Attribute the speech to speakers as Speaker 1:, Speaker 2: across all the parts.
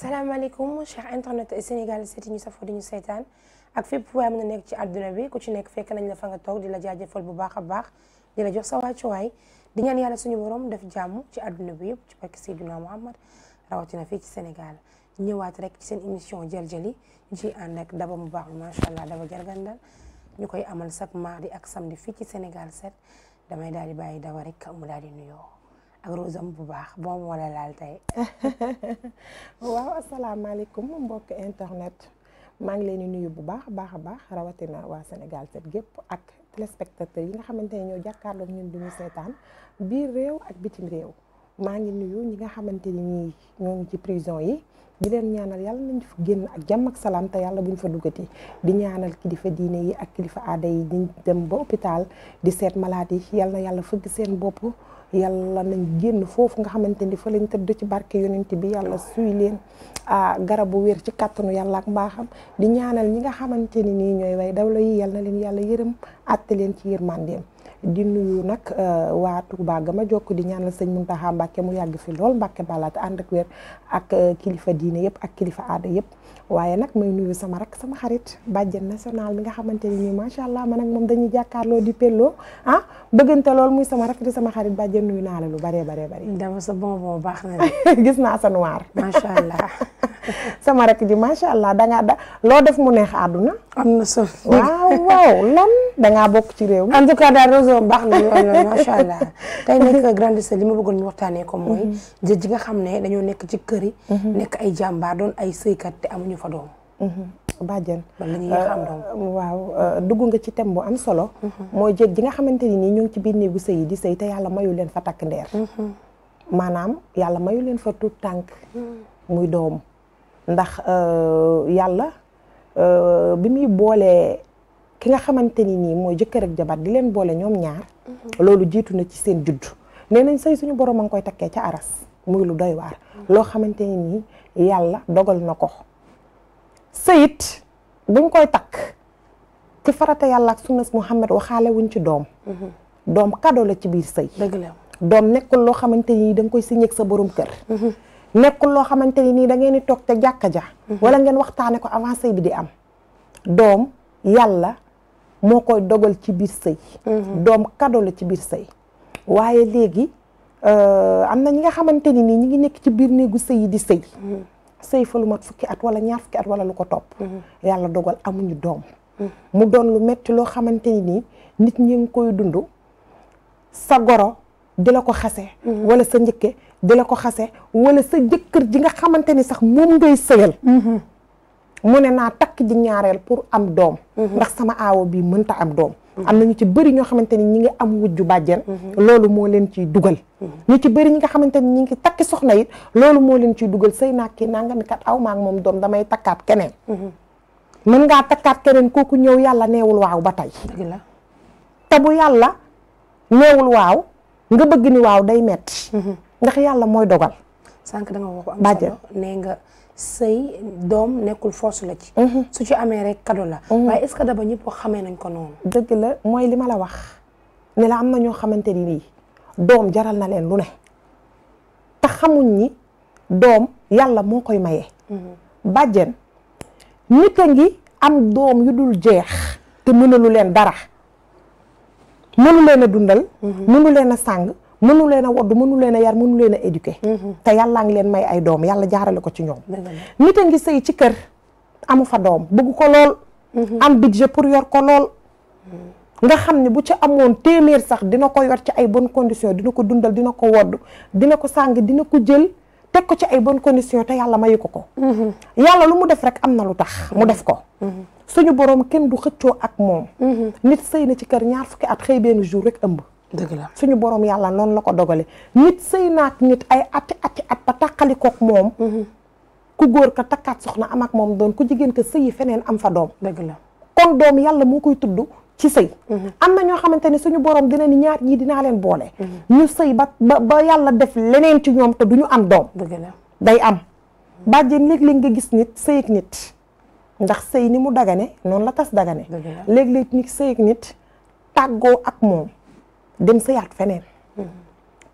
Speaker 1: salaamaaleykum cher internet
Speaker 2: Sénégal seeti ñu safoo di ñu seetaan ak fépp waaye mën a nekk ci àdduna bi ku ci nekk fekk nañ la fa nga toog di la jaajëfal bu baax a baax di la jox sa wàccuwaay di ñaan yàlla suñu borom def jàmm ci àdduna bi yëpp ci barke Seydina Muhammad rawatina fii ci Sénégal ñëwaat rek ci seen émission Jël Jëli ñu ciy ànd ak daba mu baax macha allah daba jargandal ñu koy amal chaque mardi ak samdi fii ci Sénégal set damay daal di bàyyi daba rek mu nuyoo. ak rosam bu baax boo moo la laal tey. waaw asalaamaaleykum mbokk internet maa ngi leen di nuyu bu baax a baax a baax rawatina waa Sénégal set gépp ak téléspectateurs yi nga xamante ne ñoo jàkkaarloog ñun duñu seetaan biir réew ak bitim réew maa ngi nuyu ñi nga xamante ni ñoo ngi ci prison yi. di leen ñaanal yàlla nañ fa génn ak jàmm ak salaam te yàlla buñ fa duggati di ñaanal kilifa diine yi ak kilifa aada yi di dem ba hôpital di seet malade yi yàlla yàlla fëgg seen bopp yàlla nañ génn foofu nga xamante ni fa lañ tëdd ci barke yonent bi yàlla suy leen garabu weer ci kattanu yàlla ak mbaaxam di ñaanal ñi nga xamante ni nii ñooy way la yi yàlla leen yàlla yërëm àtte leen ci yërmandeem di nuyu nag euh, waa Touba ma jokk di ñaanal sëñ Muntaxa Mbàkke mu yàgg fi lool Mbàkke balaate ànd ak wér ak euh, kilifa diine yëpp ak kilifa aado yëpp waaye nag may nuyu sama rek sama xarit bàjjen national bi nga xamante ni nii macha allah ma nag moom dañuy jàkkaarloo di pelloo ah, bëggante loolu muy sama rakk di sama xarit bàjjen nuyu naa la lu baree baree bari. dama sa bonbon baax na gis naa sa noir. macha allah. sama rakk ji macha allah da da loo def mu neex àdduna. na solo waaw waaw lan ci réew mi. en tout cas baax na lool macha allah. tey nag grande sœur li ma bëggoon ñu waxtaanee ko mooy. Mhm. jëj ji nga xam ne dañoo nekk ci kër yi. Mhm. nekk ay jàmbaar doon ay sëykat te amuñu fa doom. Mhm. bàjjen la ñuy xam donc euh, waaw euh, dugg nga ci thème bu am solo mhm. mooy jéeg ji nga xamante ni nii ñu ngi ci biir néegu sëy yi di sëy te yàlla mayu leen fa takk ndeer mhm. maanaam yàlla mayu leen fa tuut tànk muy doom ndax euh, yàlla bi muy boolee ki nga xamante ni nii mooy jëkkër ak jabar di leen boole ñoom ñaar loolu jiitu na ci seen judd nee nañ sëy suñu borom a ngi koy takkee ca aras muy lu doy waar loo xamante ni nii yàlla dogal na ko sëyit buñ koy takk ci farata yàlla ak sunna Muhammad waxaale wuñ ci doom mm-hmm. doom kado la ci biir sëy doom nekkul loo xamante ni da nga koy signé sa borom kër mm-hmm. nekkul loo xamante ni nii da ngeen di toog te jàkka ja mm-hmm. wala ngeen waxtaane ko avant bi di am doom yàlla moo koy dogal ci biir sëy doom kadoo la ci biir sëy waaye léegi euh, am na ñi nga xamante ni nii ñi ngi nekk ci biir néegu sëy yi di sëy sëy fa lu mat fukki at wala ñaar fukki at wala lu ko topp mhm. yàlla dogal amuñu doom mhm. mu doon lu metti loo xamante ni nit ñi ngi koy dund sa goro di la ko xase mhm. wala sa njëkke di la ko xase wala sa jëkkër ji nga xamante ni sax moom ngay sëyal mu ne naa takk ji ñaareel pour am doom ndax sama aawo bii mënta am doom am na ñu ci bëri ñoo xamante ni ñi ngi am wujju bàjjen mhm. loolu moo leen ciy dugal mhm. ñu ci bëri ñi nga xamante ni ñi ngi takki soxna it loolu moo leen ciy dugal sëy naa kii naa nga ni kat aw maak moom doom damay takkaat keneen mhm. mën ngaa takkaat keneen kooku ñëw yàlla neewul waaw ba tey te bu yàlla neewul waaw nga bëgg ni waaw day metti ndax yàlla mooy dogal sànq da nga sëy doom nekkul force la ci. Mhm. su ci amee rek kado la. Mhm. waaye est-ce que daba ñëpp xame nañ ko noonu. dëgg la mooy li ma la wax ne la am na ñoo xamante ni nii doom jaral na leen lu ne te xamuñ ni doom yàlla moo koy maye. Mhm. bàjjen nit a ngi am doom yu dul jeex te mënalu leen dara mënu leen a dundal. mënu leen sàng. mënu leen a wodd mënu leen a yar mënu leen a éduquer mhm. te yàllaa ngi leen may ay doom yàlla jaarale ko ci ñoom nit a ngi sëy ci kër amu fa doom bëgg ko lool mhm. am budget pour yor ko lool mhm. nga xam ne bu ci amoon téeméer sax dina ko yor ci ay bonnes conditions dina ko dundal dina ko wodd dina ko sàng dina ko jël teg ko ci ay bon conditions te yàlla mayu ko ko yàlla lu mu def rek am na lu tax mu def ko suñu borom kenn du xëccoo ak moom nit sëy na ci kër ñaar fukki at xëy jour rek ëmb dëgg la suñu borom yàlla noonu la ko dogale nit sëy naak nit ay ati ati at ba tàqali kook moom mhm. ku góor ka takkaat soxna am ak moom doon ku jigéen ka sëyi feneen am fa doom dëgg la kon doom yàlla moo koy tudd ci sëy mhm. am na ñoo xamante ni suñu borom dina ni ñaar ñii dinaa leen boole mhm. ñu sëy ba ba yàlla def leneen ci ñoom te du ñu am doom dëgg day am bàjjen léeg-léeg nga gis nit sëyeg nit ndax sëy ni mu dagane noonu la tas dagane léeg-léeg nit sëyeg nit tàggoo ak moom dem sëyaat feneen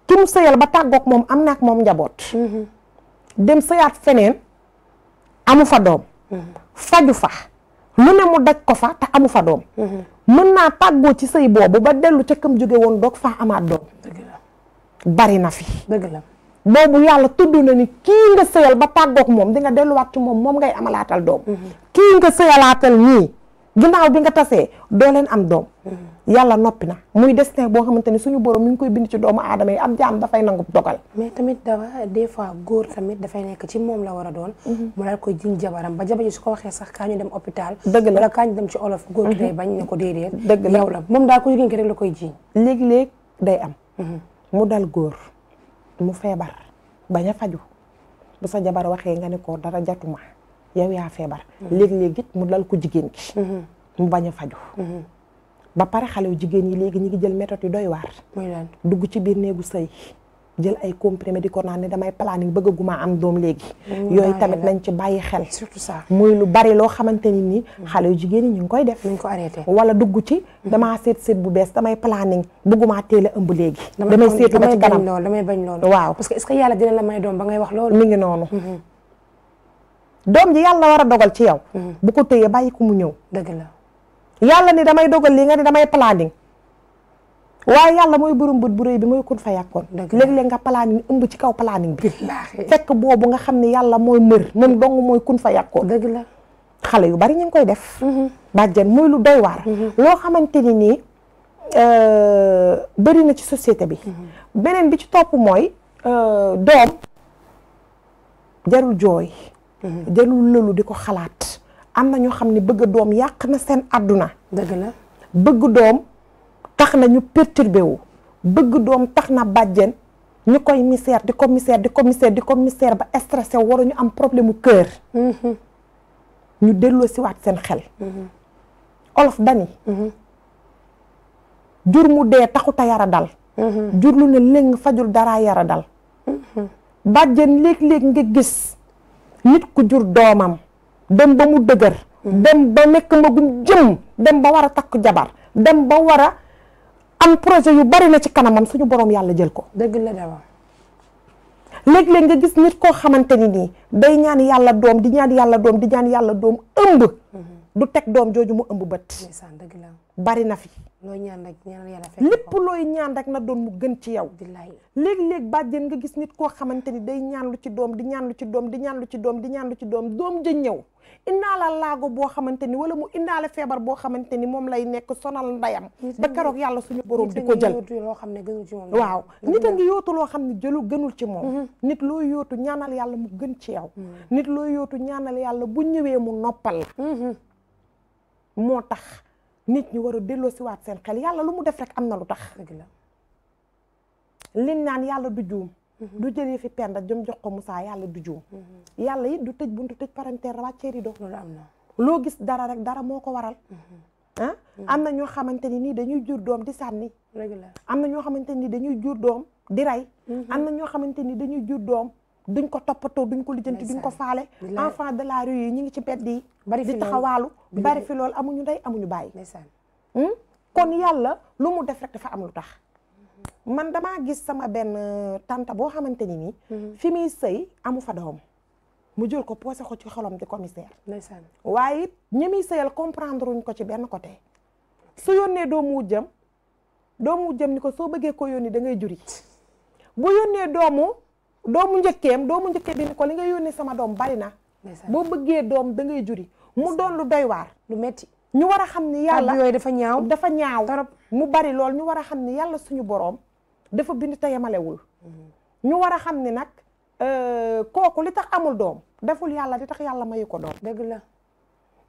Speaker 2: ki mu sëyal ba tàggoog moom am naak moom njaboot dem sëyaat feneen amu fa doom faju fa lu ne mu daj ko fa te amu fa doom mën naa tàggoo ci sëy boobu ba dellu ca kam jóge woon doog faa amaat doom bari na fi dëgg la boobu yàlla tudd na ni kii nga sëyal ba tàggoog moom di nga delluwaat ci moom moom ngay amalaatal doom mhm. kii nga sëyalaatal nii ginnaaw bi nga tasee doo leen am doom mm-hmm. yàlla noppi na muy destin boo xamante ni suñu borom mu ngi koy bind ci doomu aadama yi am jaam dafay nangu dogal mais tamit des fois góor tamit dafay nekk ci moom la war a doon mm-hmm. mu daal koy jiñ jabaram ba jabar ji su ko waxee sax kaa ñu dem hôpital dëgg la wala kaa ñu dem góor gi mm-hmm. bañ ko déedéet dëgg la yow la moom daal ko jigéen ki rek la koy jiñ léeg-léeg day am mu dal góor mu feebar bañ a faju bu sa jabar waxee nga ne ko dara jatuma yow yaa feebar léeg-léeg it mu dal ko jigéen ki mm-hmm. mu bañ a faju mm-hmm. ba pare xale yu jigéen yi léegi ñi ngi jël méthode yu doy waar dugg ci biir néegu sëy jël ay comprimé di ko naan ne damay planning bëgg gu am doom léegi mm, yooyu tamit nañ ci bàyyi xel surtout ça muy lu bari loo xamante ni nii mm-hmm. xale yu jigéen yi ñu ngi koy def nañ ko arrêté wala dugg ci damaa seet seet bu bees damay planning bëggumaa teel a ëmb léegi damay seetu ba ci kanam damay bañ loolu damay bañ loolu waaw parce que est que yàlla la may doom ba ngay wax doom ji yàlla war a dogal ci yow. Mm. bu ko téyee bàyyi ko mu ñëw. dëgg la yàlla ni damay dogal lii nga ni damay planning waaye yàlla mooy borom bët bu rëy bi mooy kun fa yàkkoon. léeg leen nga planning ëmb ci kaw planning bi. fekk boobu nga xam ne yàlla mooy mër moom dong mooy kun fa yàkkoon. dëgg la xale yu bari ñu ngi koy def. Mm-hmm. bàjjen muy lu doy waar. Mm-hmm. loo xamante ni nii euh, bëri na ci societé bi. Mm-hmm. beneen bi ci topp mooy euh, doom jarul jooy. jarul lëlu di ko xalaat am na ñoo xam ne bëgg doom yàq na seen àdduna dëgg bëgg doom tax na ñu perturbé wu bëgg doom tax na bàjjen ñu koy misère di ko misère di ko misère ba ko war ba stressé am problème mu cœur mm-hmm. ñu delloo si waat seen xel mm-hmm. olof dani mm-hmm. jur mu dee taxuta yara dal jur lu ne léng fajul dara yara dal bàjjen léeg-léeg nga gis nit ku jur doomam dem ba mu dëgër hmm. dem ba nekk magum jëm dem ba war a takk jabar dem ba war a am projet yu bari na ci kanamam suñu borom yàlla jël ko dëgg la dama léeg-léeg nga gis nit koo xamante ni nii day ñaan yàlla doom di ñaan yàlla doom di ñaan yàlla doom ëmb hmm. du teg doom jooju mu ëmb bët dëgg la bari na fi. looy ñaan rek ñaanal yàlla lépp looy ñaan rek na doon mu gën ci yow. billaay léeg-léeg bàjjen nga gis nit koo xamante ni day ñaan lu ci doom di ñaan lu ci doom di ñaan lu ci doom di ñaan lu ci doom doom ja ñëw. indaala laago boo xamante ni wala mu indaale feebar boo xamante ni moom lay nekk sonal ndayam. ba keroog yàlla suñu borom di ko jël loo xam ne gënul ci moom. waaw nit a ngi yootu loo xam ne jëlu gënul ci moom. Mm-hmm. nit loo yootu ñaanal yàlla mu gën ci yow. Mm-hmm. nit loo yootu ñaanal yàlla bu ñëwee mu noppal la. Mm-hmm. moo tax nit ñi war a delloo siwaat seen xel yàlla lu mu def rek am na lu tax lin naan yàlla du juum mm-hmm. du jëlee fi penda jëm jox ko Moussa yàlla du juum mm-hmm. yàlla it du tëj buntu tëj parentère wàccee rido loolu am na loo gis dara rek dara moo ko waral mm-hmm. Ah? am na ñoo xamante ni nii dañuy jur doom di sànni am na ñoo xamante ni dañuy jur doom di rey am na ñoo xamante ni dañuy jur doom duñ ko toppatoo duñ ko lijjanti duñ ko faale enfant de la rue yi ñi ngi ci mbedd yi bari di taxawaalu bari fi loolu amuñu ndey amuñu bàyyi hmm? kon yàlla lu mu def rek dafa am lu tax man damaa gis sama benn euh, tante boo xamante ni nii hmm. fi muy sëy amu fa doom mu jël ko posé ko ci xolom di commissaire waaye it ñi muy sëyal comprendre wuñ ko ci benn côté su yónnee doomu jëm doomu jëm ni ko soo bëggee ko yónni da ngay juri bu yónnee doomu doomu njëkkeem doomu njëkkee bi ni ko li nga yónnee sama doom bari na boo bëggee doom da ngay juri mu doon lu doy lu metti ñu war a xam ni yàlla yooyu dafa ñaaw dafa ñaaw trop mu bari lool ñu war a xam ni yàlla suñu boroom dafa bind te yemalewul mm-hmm. ñu war a xam ni nag euh, kooku li tax amul doom deful yàlla li tax yàlla mayu ko doom dëgg la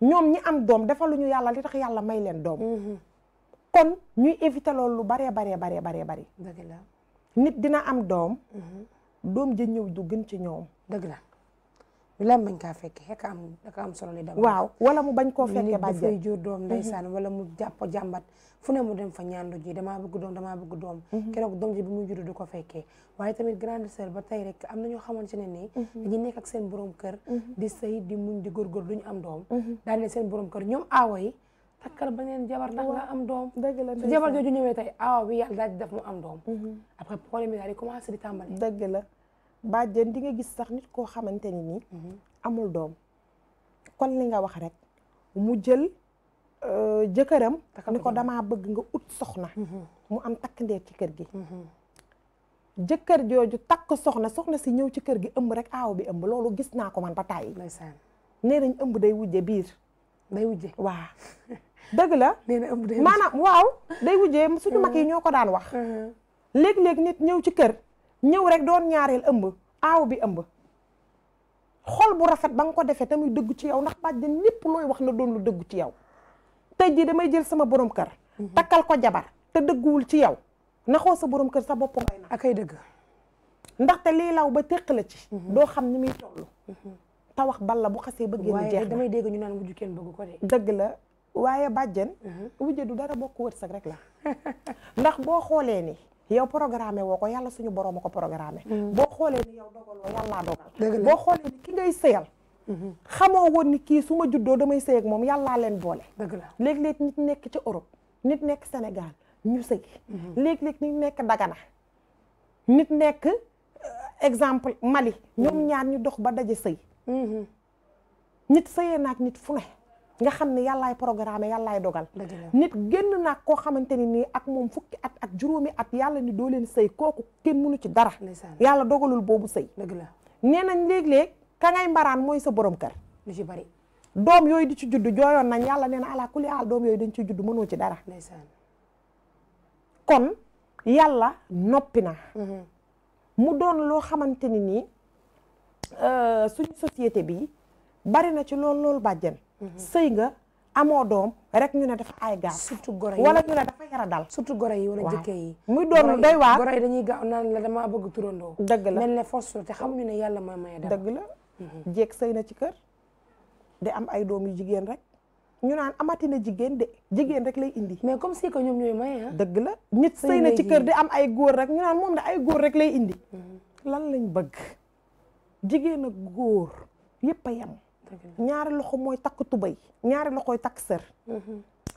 Speaker 2: ñoom ñi am doom defaluñu yàlla li tax yàlla may leen doom mm-hmm. kon ñuy éviter loolu lu baree baree baree baree bari dëgg la nit dina am doom mm-hmm. doom ja ñëw du gën ci ñoom. dëgg la ñu leen kaa fekkee xekk am daka am solo li dem. waaw wala mu bañ koo fekkee bàjjël dafay jur doom mhm. ndeysaan wala mu jàpp jàmbat fu ne mu dem fa ñaandu ji damaa bëgg doom damaa bëgg doom. Mhm. keroog doom ji bi muy jur du ko fekkee waaye tamit grande sœur ba tey rek am na ñoo xamante ne nii. Mhm. dañuy nekk ak seen borom kër. di sëy di muñ di góorgóor du ñu am doom. daal di seen borom kër ñoom aawa takkal beneen jabar ndax nga am doom su jabar jooju ñëwee tey awa ah bi yàlla daal def mu am doom mhm. après problème yi daal di commencé di nga gis sax nit koo xamante ni nii mhm. amul doom kon li nga wax rek mu jël euh, jëkkëram ni ko dama bëgg nga ut soxna mhm. mu am takk ndeer ci kër gi jëkkër jooju takk soxna soxna si ñëw ci kër gi ëmb rek aaw bi ëmb loolu gis naa ko man ba tàyyi nee nañ ëmb day wujje biir day wujje waaw dëgg la maanaam waaw day wujjee suñu mag yi ñoo ko daan wax uh-huh. léeg-léeg nit ñëw ci kër ñëw rek doon ñaareel ëmb aaw bi ëmb xol bu rafet ba nga ko defee tamuy dëggu ci yow ndax bàjjen lépp looy wax na doon lu dëggu ci yow tey jii damay jël sama borom kër uh-huh. takkal ko jabar te dëgguwul ci yow naxoo sa borom kër sa bopp ngay na akay dëgg ndaxte lii law ba teq la ci uh-huh. doo xam ni muy toll te wax balla bu xasee bëggee mu jeex damay dégg ñu naan wujju kenn bëgg ko de dëgg la waaye bàjjen mhm. wujje du dara bokk wërsëg rek la ndax boo xoolee ni yow programme woo ko yàlla suñu borom a ko programme mhm. boo xoolee ni yow dogaloo yàllaa dogal boo xoolee ni ki ngay sëyal mhm. xamoo woon ni kii suma juddoo damay sëy ak moom yàllaa leen boole dëgg la léeg-léeg nit nekk ci Europe nit nekk Sénégal ñu sëy léeg-léeg nit nekk Dagana nit nekk euh, exemple Mali ñoom ñaan ñu dox ba daje sëy nit sëyee naag nit fu ne nga xam ne yàllaay programme yàllaay dogal nit génn naa koo xamante ni nii ak moom fukki at ak juróomi at yàlla ni doo leen sëy kooku kenn mënu ci dara yàlla dogalul boobu sëy nee nañ léeg-léeg ka ngay mbaraan mooy sa borom kër lu ci bari doom yooyu di ci judd jooyoon nañ yàlla nee na ala kulli aal doom yooyu dañ ci judd mënoo ci dara kon yàlla noppi na mm-hmm. mu doon loo xamante ni nii euh, suñ société bi bari na ci lool lool bàjjen Mm-hmm. sëy nga amoo doom rek ñu ne dafa ay gaaf. surtout goro yi wala ñu ne dafa yara dal. surtout goro yi wala jëkkër yi. muy doon lu doy waar goro yi dañuy gaaw naan la damaa bëgg turandoo. dëgg la mel ne force te ne yàlla mooy maye dara. dëgg la mm-hmm. jéeg sëy na ci kër di am ay doom yu jigéen rek ñu naan amati jigéen de jigéen rek lay indi. mais comme si que ñoom ñooy maye ah. dëgg la nit sëy na ci kër di am ay góor rek ñu naan moom da ay góor rek lay indi. Mm-hmm. lan lañ bëgg jigéen ak góor yépp a ñaari loxo mooy takk tubéy ñaari loxoy takk sër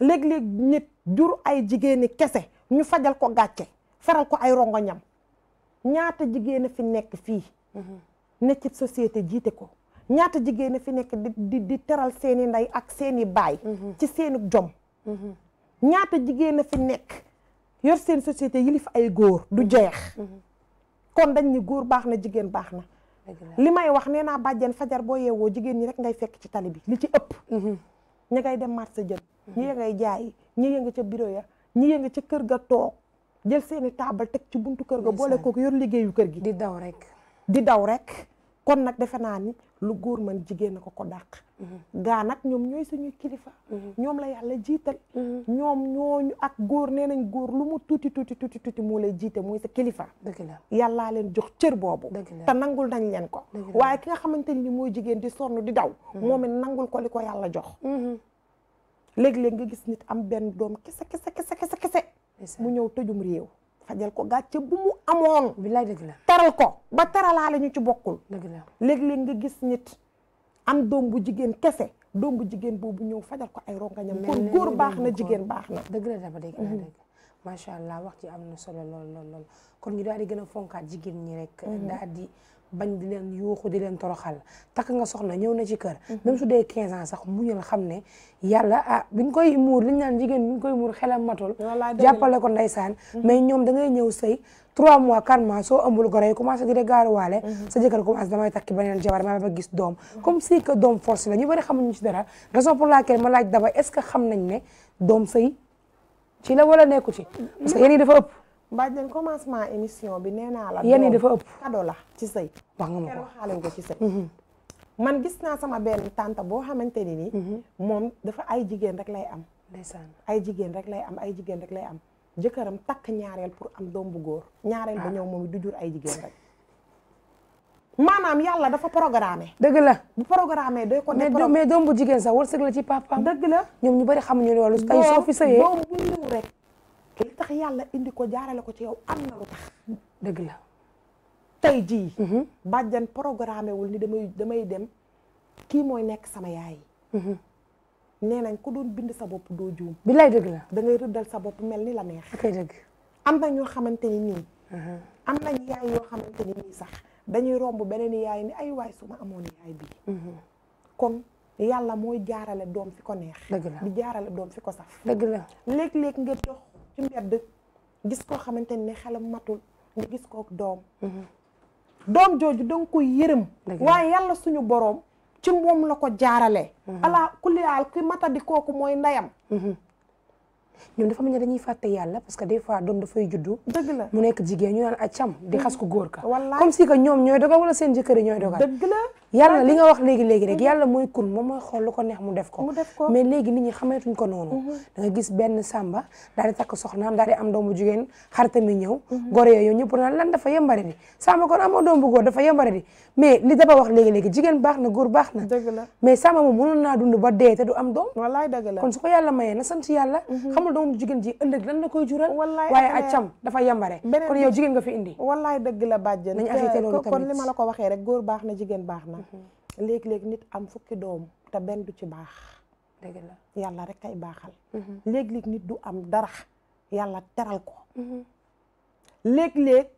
Speaker 2: léeg-léeg nit jur ay jigéeni kese ñu fajal ko gàcce feral ko ay rongoñam ñaata jigéen a fi nekk fii ne ci jiite ko ñaata jigéen fi nekk di teral seeni ndey ak seeni baay ci seeni jom ñaata jigéen a fi nekk yor seen société yilif ay góor du jeex kon dañ ni góor baax na jigéen baax na li may wax nee naa bàjjen fajar boo yeewoo jigéen ñi rek ngay fekk ci tali bi li ci ëpp mhm. ñi ngay dem marché jën mhm. ñi ya ngay jaay ñi ya nga ca bureau ya ñi ya nga ca kër ga toog jël seeni taabal teg ci buntu kër ga boole kook yor liggéeyu kër gi di daw rek di daw rek kon nag defe naa ni lu góor man jigéen na ko ko dàq gaa nag ñoom ñooy suñuy kilifa ñoom la yàlla jiital ñoom ñooñu ak góor nee nañ góor lu mu tuuti tuuti tuuti tuuti moo lay jiite mooy sa kilifa dëgg la yàllaa leen jox cër boobu te nangul nañ leen ko waaye ki nga xamante ni mooy jigéen di sonn di daw moom it nangul ko li ko yàlla jox léeg-léeg nga gis nit am benn doom kese kese kese kese kese mu ñëw tëjum réew fajal ko gàcce bu mu amoon. billaay dëgg la taral ko ba taralaale ñu ci bokkul. dëgg la léeg-léeg nga gis nit am doom bu jigéen kese doom bu jigéen boobu ñëw fajal ko ay rongañam. kon góor baax na jigéen baax na. dëgg la dafa dëgg mhm. macha allah wax ji am na solo lool lool lool kon ñu daal di gën a fonkaat jigéen ñi rek. Mhm. daal di bañ di leen yuuxu di leen toroxal takk nga soxna ñëw na ci kër mhm. même su dee quinze ans mu muñal xam ne yàlla ah biñ koy muur liñ naan jigéen biñ koy muur xelam matul jàppale ko ndeysaan mhm. mais ñoom da ngay ñëw sëy trois mois quatre mois soo ëmbul gore yi commencé di gaaruwaale mhm. sa jëkkër commencé damay takki beneen jabar maa ba gis doom comme si que doom force la ñu bari xamuñu ci dara raison pour laquelle ma laaj daba est-ce que xam nañ ne doom sëy ci la wala nekku ci
Speaker 1: parce que yéen yi ëpp
Speaker 2: mbaaj leen commencement émission bi nee naa la. yéen dafa ëpp kado la ci sëy. wax nga ma ko xaale ko ci sëy. Mhm. man gis naa sama benn tante boo xamante ni nii. Mhm. moom dafa ay jigéen rek lay am. ndeysaan ay jigéen rek lay am ay jigéen rek lay am jëkkëram takk ñaareel pour am doom bu góor. ñaareel ba ah. ñëw moom du jur ay jigéen rek. maanaam yàlla dafa programmé. dëgg la bu programmé day ko. mais mais doom bu jigéen sax wërsëg la ci papaam. dëgg la ñoom ñu bari xamuñu loolu. tey soo fi sëyee doom bu ñëw li tax yàlla indi ko jaarale ko ci yow am na lu tax. dëgg la. tey jii. Mhm. bàjjan programme wul ni damay damay dem kii mooy nekk sama yaay. Mhm. nee nañ ku doon bind sa bopp doo juum. bi lay dëgg la dangay ngay rëddal sa bopp mel ni la neex. kay am na ñoo xamante ni nii. Mhm. am nañ yaay yoo xamante ni nii sax dañuy romb beneen yaay ni ay waay suma amoon yaay bii. kon yàlla mooy jaarale doom fi ko neex. dëgg la jaarale doom fi ko saf. léeg-léeg nga dox. ci mbedd gis koo xamante ne xelam matul nga gis kook doom mhm. doom jooju da nga koy yërëm waaye yàlla suñu borom ci moom la ko jaarale mhm. ala kuliyaal ki di kooku mooy ndeyam mhm. ñun dafa mel ne dañuy fàtte yàlla parce que des fois doom dafay juddu la mu nekk jigéen ñu naan acam di xas ko góor ka wallaahi comme si que ñoom ñooy dogal wala seen jëkkër yi ñooy dogal yàlla li nga wax léegi léegi rek mhm. yàlla mooy kun moom mooy xool lu ko neex mu def ko mais léegi nit ñi xameetuñ ko noonu mhm. da gis benn samba daal di takk soxnaam daal di am doomu jigéen xaritam yi ñëw mhm. góor yooyu ñëpp naan lan dafa yembare di sàmba kon amoo doom bu góor dafa yembare di mais li daba wax léegi léegi jigéen baax na góor baax na dëgg la mais sàmba moom mënoon naa dund ba dee te du am doom wallaay dëgg la kon su ko yàlla mayee na sant yàlla xamul doomu jigéen ji ëllëg lan la koy jural waaye accam dafa yembare kon yow jigéen nga fi indi wallaay dëgg la bàjjen nañ arrêté loolu la ko waxee rek góor baax na jigéen baax Mm-hmm. léeg-léeg nit am fukki doom te benn du ci baax dëgg la yàlla rek ay baaxal mm-hmm. léeg-léeg nit du am dara yàlla teral ko mm-hmm. léeg-léeg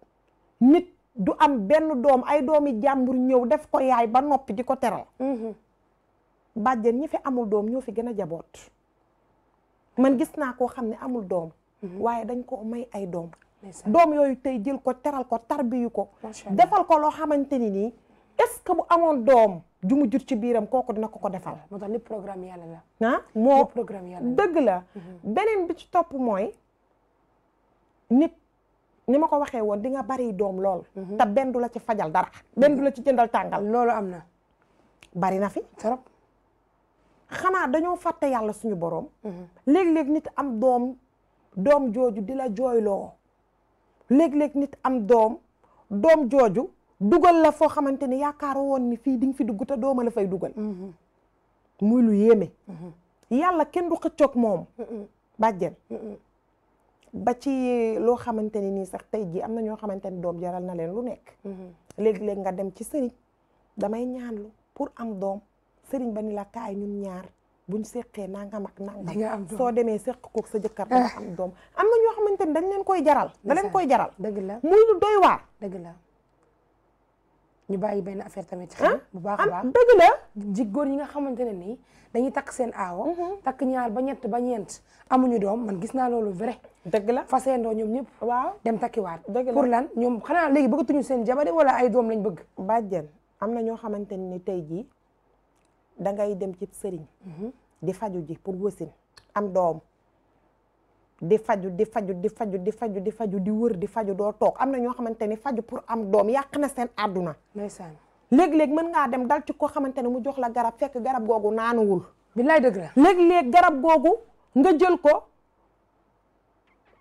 Speaker 2: nit du am benn doom ay doomi jàmbur ñëw def ko yaay ba noppi di ko teral bàjjen ñi fi amul doom ñoo fi gën a jaboot man gis naa koo xam ne amul doom waaye dañ ko may ay doom doom yooyu tey jël ko teral ko tarbiyu ko defal ko loo xamante ni nii est-ce que bu amoon doom ju mu jur ci biiram kooku dina ko ko defal. moo tax ni la. Ah, moo programme dëgg la. Mm-hmm. beneen bi ci topp mooy nit ni ma ko waxee woon di nga bari doom lool. Mm-hmm. te benn du la ci fajal dara. benn du la ci jëndal tàngal. loolu am na. bari na fi xanaa dañoo fàtte yàlla suñu boroom. Mm-hmm. léeg-léeg nit am doom doom jooju di la jooyloo. léeg-léeg nit am doom doom jooju. dugal la foo xamante ne yaakaaroo woon ni fii di fi dugg te dooma la fay dugal muy lu yéeme yàlla kenn du xëccoog moom bàjjen ba ci loo xamante ni nii sax tey jii am na ñoo xamante ni doom jaral na leen lu nekk léeg-léeg nga dem ci sëriñ damay ñaanlu pour am doom sëriñ ba ni la kaay ñun ñaar buñ seqee nangam nga am soo demee seq kook sa jëkkër danga am doom am na ñoo xamante ni dañ leen koy jaral da koy jaral dëgg la muy lu doy waar dëgg la ñu bàyyi benn affaire tamit ci ah, bu baax a baax dëgg la ji góor ñi nga xamante ne nii dañuy takk seen aawo mhm. takk ñaar ba ñett ba ñeent amuñu doom man gis naa loolu vrai dëgg la faseendoo ñoom ñëpp waaw dem takkiwaat dëgg la pour lan ñoom xanaa léegi bëggatuñu seen jabari wala ay doom lañ bëgg bàjjen am na ñoo xamante ni tey jii da ngay dem ci sëriñ mhm. di faju ji pour wasin am doom di faju di faju di faju di faju di faju di wër di faju doo toog am na ñoo xamante ni faju pour am doom yàq na seen àdduna ndeysaan léeg-léeg mën ngaa dem dal ci koo xamante ne mu jox la garab fekk garab googu naanuwul billaay dëgg la léeg-léeg garab googu nga jël ko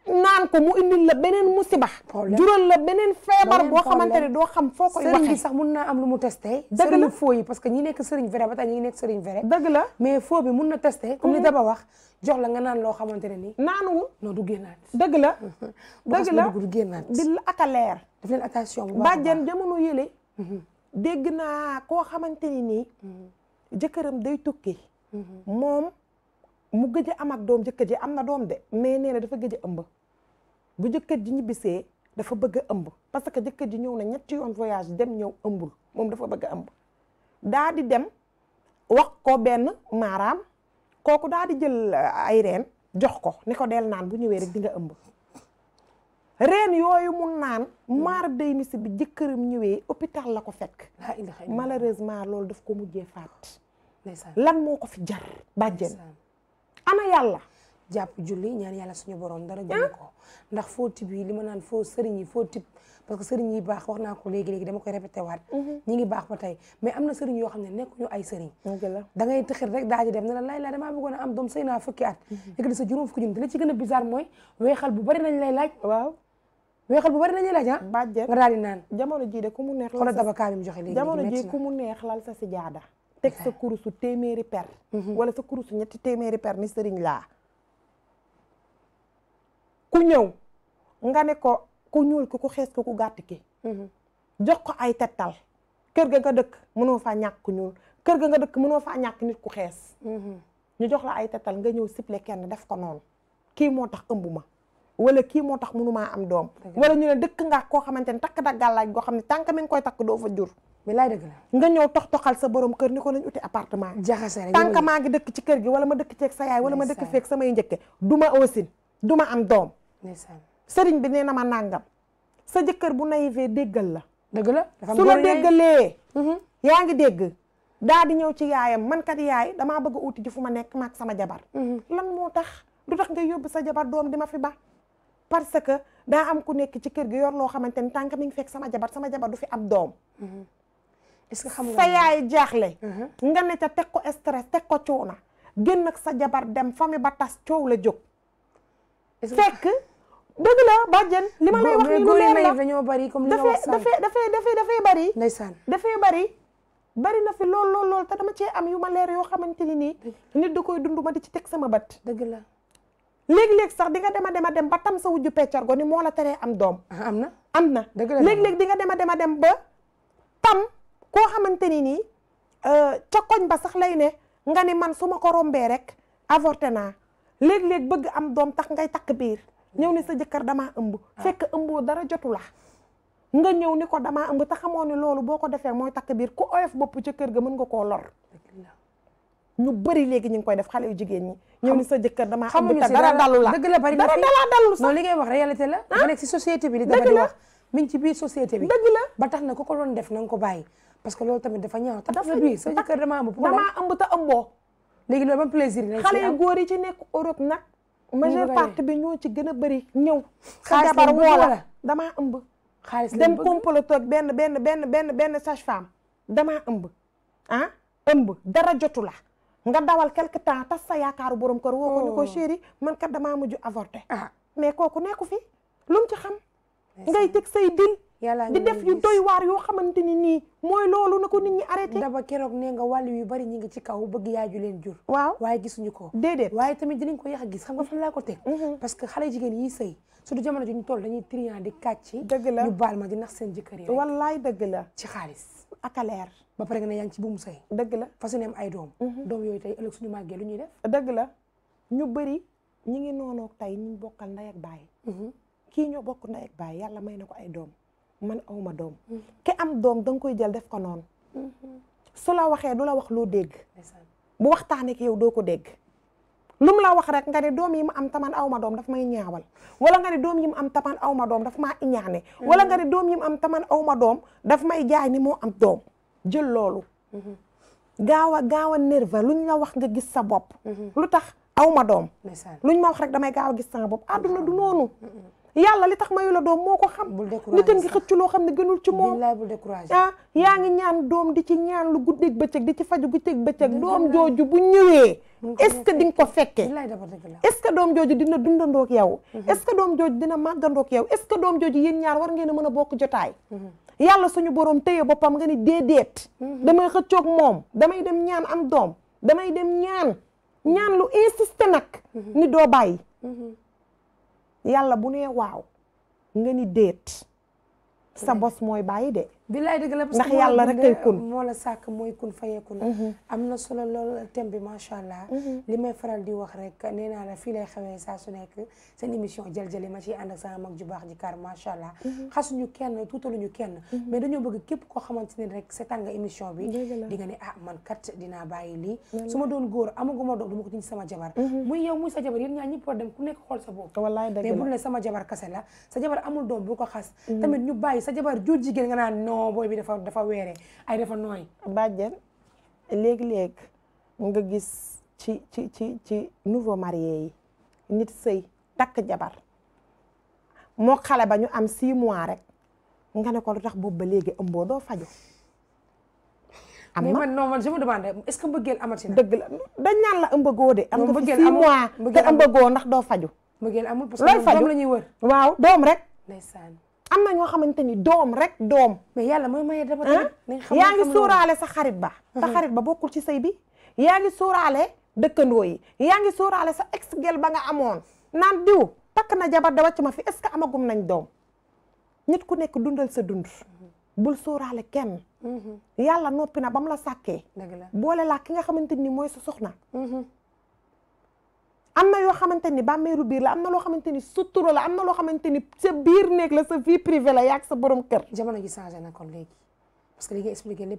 Speaker 2: naan ko mu indil la beneen musiba jural la beneen feebar boo xamante ne doo xam foo koy waxee sax mun naa am lu mu testé dëgg la foo yi parce que ñi nekk sëriñ vrai ba tey ñi la mais foo bi mun na teste comme li mm-hmm. daba wax jox la nga naan loo xamante ne nii naanuwul non du génnaat dëgg la dëgg la du génnaat di la ak a leer daf leen attention bu baax bàjjan jamono mm-hmm. dégg naa koo xamante ni nii mm-hmm. day tukki moom mu gëj a am ak doom jëkkër ji am na doom de mais nee na dafa gëj a bu jëkkër ji ñibbisee dafa bëgg a ëmb parce que jëkkër ji ñëw na ñetti yoon voyage dem ñëw ëmbul moom dafa bëgg a ëmb di dem wax ko benn maaraam kooku daa di jël uh, ay reen jox ko ni ko del naan bu ñëwee rek di nga ëmb reen yooyu mu naan maar day misi bi mu ñëwee hôpital la ko fekk malheureusement loolu daf ko mujjee faat lan moo ko fi jar bàjjen ana yàlla jàpp julli ñaan yàlla suñu borom dara jël ah. ko ndax foo tib yi li ma naan foo sëriñ yi foo tib parce que sëriñ yi baax wax naa ko léegi-léegi dama koy répété waat mhm. ñi ngi baax ba tey mais am na sëriñ yoo xam ne nekkuñu ay sëriñ da ngay tëxir rek daa ji dem ne la lay laa damaa bëggoon a am doom sëy naa fukki at mhm. yëkkati sa juróom fukki junni li ci gën a bizarre mooy weexal bu bari nañ lay laaj waaw bu bari nañuy laaj ah nga daal di naan jamono ji de ku mu neex xoolal tabakaa joxe léegi jamono ji ku mu teg sa kurusu téeméeri per mhm. wala sa kurusu ñetti téeméeri per ni sëriñ laa ku ñëw nga ne ko ku ñuul ki ku xees ki ku gàtt ki mhm. jox ko ay tettal kër ga nga dëkk mënoo faa ñàkk ñuul kër ga nga dëkk mënoo faa ñàkk nit ku xees mhm. ñu jox la ay tettal nga ñëw siple kenn def ko noonu kii moo tax ëmb ma wala kii moo tax mënumaa am doom wala ñu ne dëkk nga koo xamante ne takk da gàllaaj goo xam ne tànk mi ngi koy takk doo fa jur bilaay dëgg la nga ñëw tox toxal sa boroom kër ni ko nañ uti appartement jaxase rek tant que maa ngi dëkk ci kër gi wala ma dëkk ceeg sa yaay wala ma dëkk feeg samay njëkke du ma osin du ma am doom sëriñ bi nee na ma nàngam sa jëkkër bu naïve déggal la dëgg la su la déggalee mm-hmm. yaa ngi dégg daa di ñëw ci yaayam man kat yaay damaa bëgg uti ji fu ma nekk maag sama jabar mm-hmm. lan moo tax du tax nga yóbbu sa jabar doom di ma fi ba parce que daa am ku nekk ci kër gi yor loo xamante ni tant que mi ngi fekk sama jabar sama jabar fi am doom mm-hmm. est-ce que xam nga sa yaay jaaxle. Mhm. nga ne ca teg ko stress teg ko coono. génn ak sa jabar dem fami ba tas coow la jóg. fekk dëgg la bàjjen li ma lay wax ni lu leer la bari comme li nga wax dafay dafay dafay dafay bari. ndeysaan dafay bari. bari na fi lool lool lool te dama cee am yu ma leer yoo xamante ni nii. nit da koy dund ma di ci teg sama bët. dëgg la. léeg-léeg sax di nga dema dema dem ba tam sa wujju peccargo ni moo la teree am doom. Ah, am na am na. dëgg la léeg-léeg di nga dema dema dem ba tam. koo xamante ni nii euh, ca koñ ba sax lay ne nga ni man su ma ko rombee rek avorté naa léeg-léeg bëgg am doom tax ngay takk biir ñëw ni sa jëkkër dama ëmb ah. fekk ëmboo dara jotu la nga ñëw ni ko damaa ëmb te xamoo ni loolu boo ko defee mooy takk biir ku oyof bopp ca kër ga mën nga koo lor ñu bëri léegi ñu ngi koy def xale yu jigéen ñi ñëw ni sa jëkkër damaa ëmb te dara dalu la dëgg la bari dara dalaa dalul sax non li ngay wax réalité la ah? nga nekk si société bi li nga société bi dëgg la ba tax na ku ko doon def na ko bàyyi parce que loolu tamit dafa ñaaw. dafa bii sa jëkkër damaa ëmb. damaa ëmb te ëmboo. léegi loolu ban plaisir lañ xale yu góor yi ci nekk Europe nag. ma partie bi ñoo ci gën a bëri ñëw. sa jabar woo la ëmb. xaalis dem komplo toog benn benn benn benn benn sage damaa ëmb ah ëmb nga dawal quelque temps tas sa yaakaaru borom kër woo ko ni ko oh. chéri man kat damaa mujj avorté ah. mais kooku nekku fi lu mu ci xam ngay teg say dil di def yu doy waar yoo xamante ni nii mooy loolu na ko nit ñi arrêté daba keroog nee nga wàllu yu bari ñu ngi ci kaw bëgg yaaju leen jur waaw waaye gisuñu ko déedéet waaye tamit dinañ ko yéex a gis xam nga fan laa ko teg mm-hmm. parce que xale jigéen yi sëy surtout jamono ji ñu toll dañuy triant di kàcc dëgg la ñu baal ma di nax seen jëkkër yi wallaay dëgg la ci xaalis a leer ba pare nga ne yaa ngi ci buum sëy dëgg la fas yéene am ay doom mm-hmm. doom yooyu tey ëllëg suñu màggee lu ñuy def dëgg la ñu bëri ñi ngi noonoog tey ñu bokkal nday ak baay mm-hmm. kii ñoo bokk nday ak baay yàlla may na ko ay doom man awma doom ki am doom danga koy jël def ko noonu su la waxee du la wax loo dégg bu waxtaanee ak yow doo ko dégg lu mu la wax rek nga ne doom yi mu am taman aw ma doom dafa may ñaawal wala nga ne doom yi mu am taman aw ma doom daf maa iñaane wala nga doom yi mu am taman aw ma doom daf may jaay ni moo am doom jël loolu gaaw a gaaw a nerve luñ la wax nga gis sa bopp mm-hmm. lu tax aw ma doom luñ ma wax rek damay gaaw a gis sa bopp àdduna du noonu mm-hmm. yàlla li tax mayu la doom moo ko xam nitan ngi xëcc loo xam ne gënul ci moom ah yaa ngi ñaan doom di ci ñaan lu guddeeg bëccëg di ci faju guddeeg bëccëg doom jooju bu ñëwee est que di nga ko fekkee est-ce que doom jooju dina dundandoog yow mhm. est-ce que doom jooju dina màggandoog yow est-ce que doom jooju yéen ñaar war ngeen a mën a bokk jotaay mhm. yàlla suñu borom téye boppam nga ni déedéet mhm. damay xëccoog moom damay dem ñaan am doom damay dem ñaan ñaan lu insisté nag ni doo bàyyi yàlla bu nee waaw nga ni déet sa bos mooy bàyyi de billaay dëgg la ndax yàlla rek tey kun moo la sàkk mooy kun fayeeku na mhm. am na solo lool thème bi allah. Mhm. li may faral di wax rek nee naa la fii lay xewee saa su nekk seen émission jël ma ciy ànd ak sama mag ju baax ji kar mhm. kenn tuutaluñu kenn mais dañoo bëgg képp koo xamante ne rek seetaan nga émission bi di nga ne ah man kat dinaa bàyyi lii su ma doon góor amaguma doom du ma ko ci sama jabar muy yow muy sa jabar yéen ñaar ñëpp war dem ku nekk xool sa bopp wallaay bu ne sama jabar kase la sa jabar amul doom bu ko xas tamit ñu bàyyi sa jabar jur jigéen non booy bi dafa dafa weere ay dafa nooy. léeg-léeg nga gis ci ci ci ci nouveau marié yi nit sëy takk jabar moo xale ba ñu am 6 mois rek nga ne tax boob ba léegi ëmboo doo faju am na man non man je me demande est dëgg la dañ naan la ëmbëgoo de. am nga fi 6 mois te ëmbëgoo ndax doo faju. mbëggeel amul parce que doom la ñuy wër. waaw doom rek. am na ñoo xamante ni doom rek doom. yàlla mooy maye dama yaa ngi sóoraale sa xarit ba. sa xarit ba bokkul ci sëy bi. yaa ngi sóoraale dëkkandoo yi. yaa ngi sóoraale sa ex gel ba nga amoon. naan diw takk na jabar da wàcc ma fi est ce que amagum nañ doom. nit ku nekk dundal sa dund. bul sóoraale kenn. yàlla noppi na ba mu la sàkkee. boole laa ki nga xamante ni mooy sa soxna. am na yoo xamante ni bàmmeeru biir la am na loo xamante ni sutura la am na loo xamante ni sa biir néeg la sa vie privée la yaag sa borom kër. jamono ji changé na kon léegi parce que li nga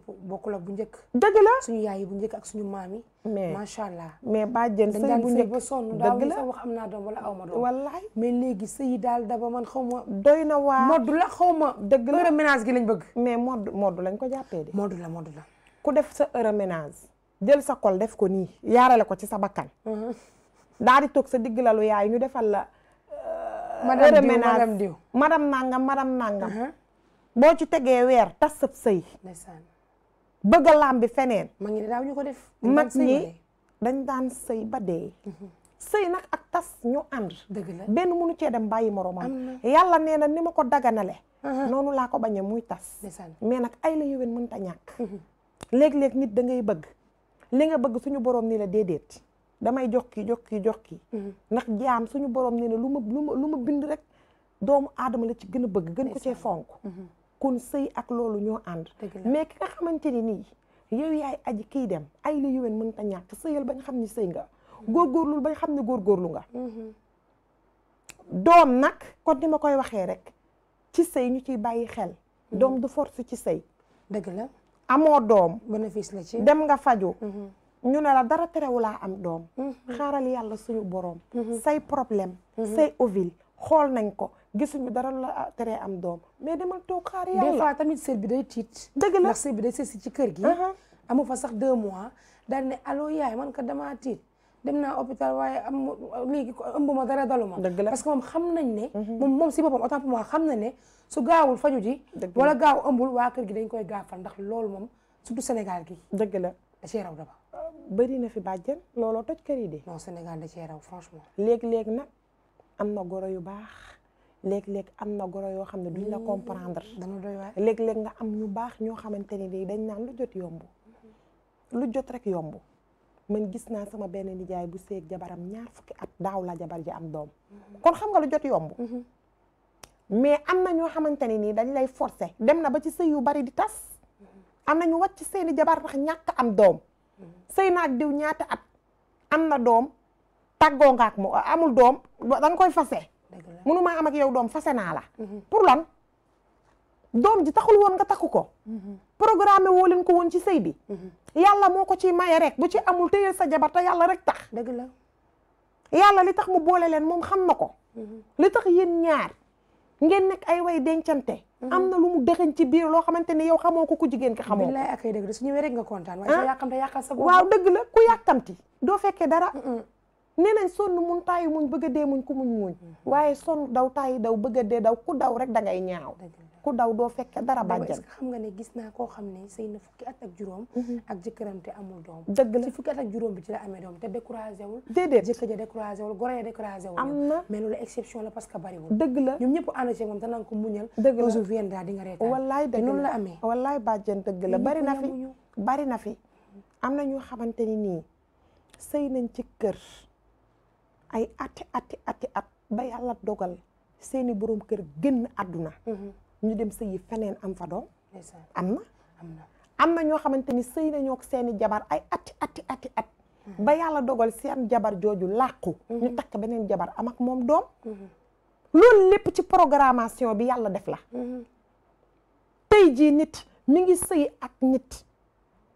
Speaker 2: bu njëkk. dëgg la yaay yi bu njëkk ak suñu maam yi. mais macha allah. mais bàjjen sëy bu njëkk ba sonn daaw sa wax am naa doom wala aw ma doom. wallaay mais léegi sëy daal daba man xaw ma. doy na waa moddu la xaw ma. dëgg la heure ménage gi lañ bëgg. mais moddu moddu lañ ko jàppee de. moddu la moddu la. ku def sa heure ménage jël sa kol def ko nii yaarale ko ci sa bakkan uh-huh. daal di toog sa digg lalu yaay ñu defal la.
Speaker 1: Euh, madame diw madame diw
Speaker 2: madame nangam madame nangam. Uh-huh. boo ci tegee weer tas sëb sëy. bëgg a làmbi feneen. mag ñi daaw ñu ko def. mag ñi dañ daan sëy ba dee. Uh-huh. sëy nag ak tas ñu ànd. dëgg la benn mënu cee dem bàyyi moromam. yàlla nee na ni ma ko daganale. Uh-huh. noonu laa ko bañee muy tas. mais nag ay la yéwén mënta ñàkk. léeg-léeg nit da ngay bëgg. li nga bëgg suñu borom ni la déedéet. damay jox ki jox ki mm-hmm. ndax jaam suñu borom nee na lu ma lu ma bind rek doomu aadama la ci gën a bëgg gën ko cee fonk mm-hmm. kon sëy ak loolu ñoo ànd mais ki nga xamante ni nii yow yaay aji kiy dem ay la yowén mën ta ñàkk sëyal ba xam ni sëy nga mm-hmm. góorgóorlu ba nga xam ne góorlu nga doom nag kon ni ma koy waxee rek ci sëy ñu ciy bàyyi xel doom du force ci sëy dëgg la amoo doom bénéfice la ci dem nga faju ñu ne la dara terewulaa am doom mhm. xaaral yàlla suñu boroom mhm. say problème mhm. say ovule xool nañ ko gisuñu dara la teree am doom mais demal toog xaar yàlla des fois tamit sëy bi day tiit dëgg la ndax sëy bi ci kër gi uh-huh. amu fa sax deux mois daal ne allo yaay man ko damaa tiit dem naa hôpital waaye am léegi ëmbuma dara daluma parce que xam nañ ne moom si boppam autant pour moi xam nañ ne su gaawul faju ji wala gaaw ëmbul waa kër gi dañ koy gaafal ndax loolu moom surtout Sénégal gi dëgg la da cee raw daba bëri na fi bàjjen looloo toj kër yi de. Sénégal da cee raw franchement. léeg-léeg nag am na goro yu baax léeg-léeg am na goro yoo xam ne duñ la mm. comprendre. dama doy waar léeg-léeg nga am ñu baax ñoo xamante ne nii dañ naan lu jot yomb. lu jot rek yomb man gis naa sama benn nijaay bu seeg jabaram ñaar fukki at daaw la jabar ji am doom.
Speaker 1: Mm-hmm. kon
Speaker 2: xam nga lu jot yomb. Mm-hmm. am na ñoo xamante ne nii dañ lay forcer. dem na ba ci sëy yu bari di tas. Mm-hmm. am na ñu ci seeni jabar ndax ñàkk am doom. sëy naag diw ñaata at am na doom tàggoo nga ak mu amul doom danga koy fase mënumaa am ak yow doom fase naa la mhm. pour lan doom ji taxul woon nga takku ko mhm. programme woo leen ko woon ci sëy bi mhm. yàlla moo ko ciy maye rek bu ci amul téyel sa jabar te yàlla rek tax dëgg yàlla li tax mu boole leen moom xam na ko li tax yéen ñaar ngeen nekk ay way dencante mhm. am na lu mu dëxañ ci biir loo xamante ne yow xamoo ko ku jigéen ki xamoo ko billaay ak ay dëgg su ñëwee rek nga kontaan waaye ah. soo yàkkamte yàqal sa bopp waaw dëgg la ku yàkkamti doo fekkee dara nee nañ sonn mun taayi muñ bëgg a dee muñ ku muñ muñ waaye sonn daw taayi daw bëgg dee daw ku daw rek da ngay ñaaw ku daw doo fekk dara bàjjan xam nga ne gis naa koo xam ne sëy na fukki at ak juróom mhm. ak jëkkëram te doom dëgg la ci fukki juróom bi ci la amee doom te découragé wul déedéet jëkkër ja découragé wul goro ya découragé wul am na mais loolu la ñëpp ànd ci ko muñal dëgg la toujours viendra di nga reetaan wallaay dëgg la noonu amee wallaay bàjjan dëgg la bari na fi bari na fi am na ñoo xamante ni nii sëy nañ ci kër ay ati ati ati at ba yàlla dogal seeni borom kër génn àdduna mhm. ñu dem sëyi feneen am fa doom am na am na ñoo xamante ni sëy nañoo ak seeni jabar ay ati ati ati at hmm. ba yàlla dogal seen jabar jooju làqu ñu hmm. takk beneen jabar am ak moom doom hmm. loolu lépp ci programmation bi yàlla def la tey jii nit mi ngi sëy ak nit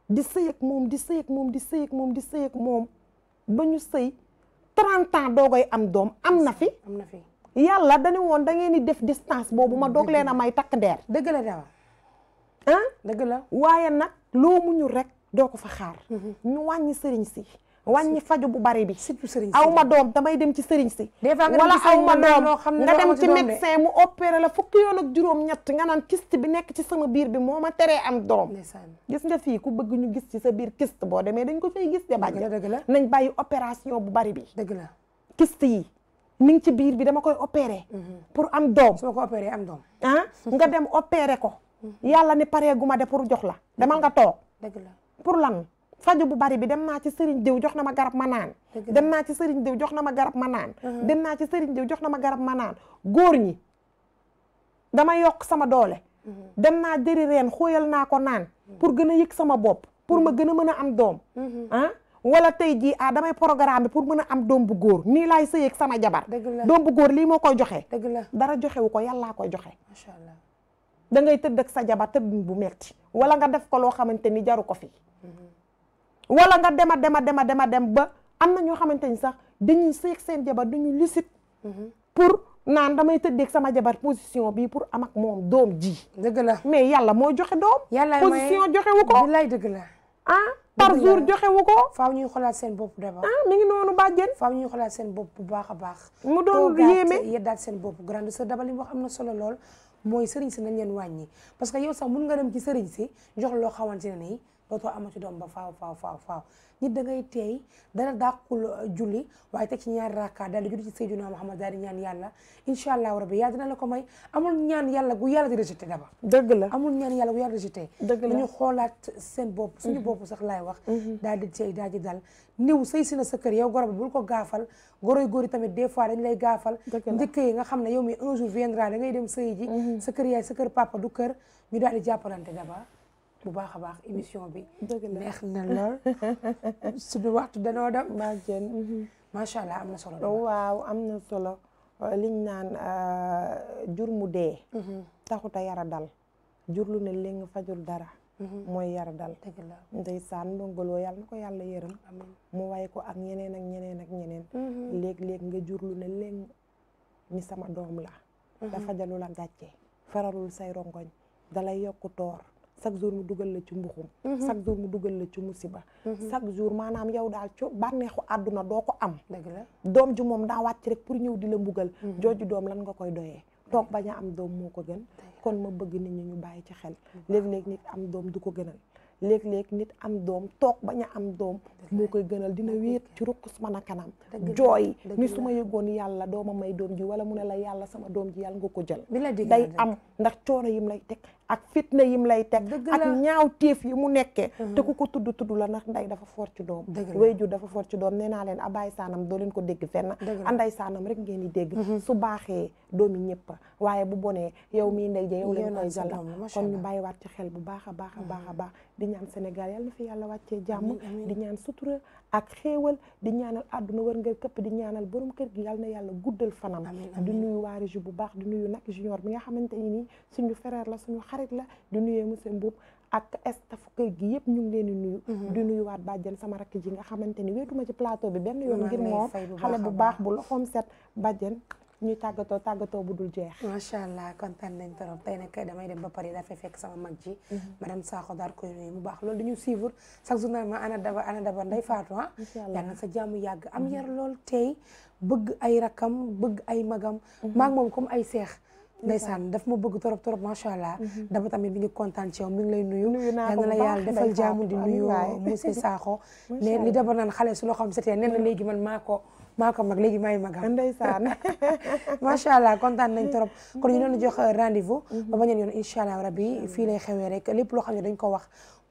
Speaker 2: di sëy ak moom di sëy ak moom di sëy ak moom di sëy ak moom ba ñu sëy trente ans am doom am na fi am na fi yàlla dañu woon da ngeen di def distance boobu ma doog leen a may takk ndeer dëgg la dawa ah dëgg la waaye nag loo muñu rek doo ko fa xaar mhm. ñu wàññi sëriñ si wàññi faju bu bari bi surtout sëriñ si ma doom damay dem ci sëriñ si wala aw ma doom nga dem ci médecin mu opéré la fukk yoon ak juróom ñett nga naan kyste bi nekk ci sama biir bi moo ma teree am doom gis nga fii ku bëgg ñu gis ci sa biir kyste boo demee dañ ko fay gis de bàjj nañ bàyyi opération bu bari bi dëgg yi mi ngi ci biir bi dama koy opérer. Mhm. pour am doom soo ko opérer am doom. ah nga dem opérer ko. Mhm. yàlla ni paree gu ma de pour jox la demal nga toog. dëgg la pour lan faju bu bari bi dem naa ci sëriñ diw jox na ma garab ma naan. dem naa ci sëriñ diw jox na ma garab ma naan. Mhm. dem naa ci sëriñ diw jox na ma garab ma naan góor ñi dama yokk sama doole. dem naa jëri reen xóoyal naa ko naan. pour gën a yëg sama bopp pour ma gën a mën a am doom. Ah? wala tey jii ah damay programme pour mën a am doom bu góor nii laay sëyeeg sama jabar doom bu góor lii moo koy joxe dara joxewu ko yàllaa ko joxe macha allah da ngay tëdd ak sa jabar tëdd bu metti wala nga def ko loo xamante ni jaru ko fi mm-hmm. wala nga dema dema dema dema dem ba am na ñoo xamante ni sax dañuy sëyeeg seen jabar dañuy lucide mm-hmm. pour naan damay tëddeeg sama jabar position bii pour am moom doom ji dëgg la mais yàlla moo joxe doom position joxewu ko bilaay dëgg la ah par jour joxewu ko. faaw ñuy xoolaat seen bopp d'abord. ah mi ngi noonu bàjjen. faaw ñuy xoolaat seen bopp bu baax a baax. mu doon yéeme yeddaat seen bopp grande sœur Daba li mu wax am na solo lool mooy sëriñ si nañ leen wàññi parce que yow sax mun nga dem ci sëriñ si jox loo xamante ne nii dootoo ci doom ba faaw faaw faaw faaw nit da te teey dara dàqul uh, julli waaye teg ci ñaari rakka daal di julli ci Seydina Muhammad daal di ñaan yàlla incha allahu rabbi yaa dina la ko may amul ñaan yàlla gu yàlla di rejeté daba dëgg la amul ñaan yàlla gu yàlla rejeté dëgg la xoolaat seen bopp mhm. suñu bopp sax laay wax mhm. daal di teey daal di dal niw sëy si na sa kër yow goro bi bul ko gaafal goro yu góor yi tamit des fois dañ lay gaafal njëkk yi nga xam ne yow mi un jour viendra da ngay dem sëy ji mhm. sa kër yaay sa kër papa du kër ñu daal di jàppalante daba bu baax a baax émission bi. neex na lool. suñu waxtu danoo dem. maa jën. macha mhm. allah am na solo. waaw am na solo. Euh, liñ naan euh, jur mu dee. Mhm. taxut a yara dal. jur lu ne léegi fajul dara. Mhm. mooy yara dal. dëgg la ndeysaan ndongoloo yàlla na ko yàlla yërëm. mu way ko ak ñeneen ak ñeneen ak ñeneen. nga jur lu ne léegi ni sama doom la. dafa jalu la gàcce. faralul say rongoñ. dalay yokku chaque jour mu dugal la ci mbuxum mhm. chaque jour mu dugal la ci musiba mhm. chaque jour maanaam yow daal co bànneexu àdduna doo ko am dëgg doom ji moom daa wàcc rek pour ñëw di la mbugal mhm. jooju doom lan nga koy doyee toog am doom moo ko gën kon ma bëgg nit ñi ñu bàyyi ci xel léeg-léeg nit am doom du ko gënal léeg-léeg nit am doom toog bañ a am doom moo koy gënal dina wéet ci rukkus mën a kanam jooy ni su ma yëgoon yàlla dooma may doom ji wala mu ne la yàlla sama doom ji yàlla nga ko jël day am ndax coono yim lay teg ak fitna yim lay teg ak ñaaw téef yi mu nekkee te ku ko tudd tudd la ndax nday dafa for ci doom wayjur dafa for ci doom nee naa leen a abaay saanam doo leen ko dégg fenn anday saanam rek ngeen di dégg su baaxee doomi ñëpp waaye bu bonee yow mii ndey ja yow leen koy jalla kon ñu bàyyiwaat ci xel bu baax a baax a baax a baax di ñaan Sénégal yàlla na fi yàlla wàccee jàmm di ñaan sutura ak xéewal di ñaanal adduna war nga këpp di ñaanal borom kër gi yàlla na yàlla guddal fanam di nuyu waari ju bu baax di nuyu nag junior bi nga xamante ni nii suñu frère la suñu xarit la di nuyee seen Mbuub ak staf kër gi yëpp ñu ngi leen di nuyu mm-hmm. di nuyu waat bàjjen sama rakk ji nga xamante ni wéetuma ci plateau bi benn yoon ngir moom xale bu baax bu loxoom set bàjjen ñuy tàggatoo tàggatoo bu dul jeex. macha allah kontaan nañ trop tey nag damay dem ba pare dafay fekk sama mag ji. Mhm. madame Sakho daal koy bu baax loolu dañu suivre chaque jour ma ana daba ana daba nday faatu ah. yàlla na sa jàmm yàgg am mhm. yar lool tey bëgg ay rakam bëgg ay magam. Mhm. maag moom comme ay seex. ndeysaan daf ma bëgg torop torop macha allah. daba tamit mi ngi kontaan ci ngi lay nuyu. nuyu naa ko bu baax la yàlla defal jàmm di nuyu monsieur Sakho. macha allah ne li daba naan xale su loo xam ne c'était nee na léegi man maa ko. maa ko mag léegi maay magam ndeysaan macha allah kontaan nañ trop mm-hmm. kon ñu doon jox euh, rendez-vous mm-hmm. ba bañeen yoon incha allah rabbi fii lay xewee rek lépp loo xam ne dañ ko wax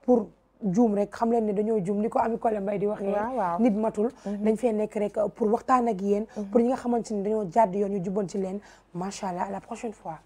Speaker 2: pour juum rek xam leen ne dañoo juum ni ko Ami Collé Mbaye di waxee nit matul mm-hmm. dañ fee nekk rek euh, pour waxtaan ak yéen pour ñi nga xamante ni dañoo jàdd yoon ñu jubbanti leen macha allah la prochaine fois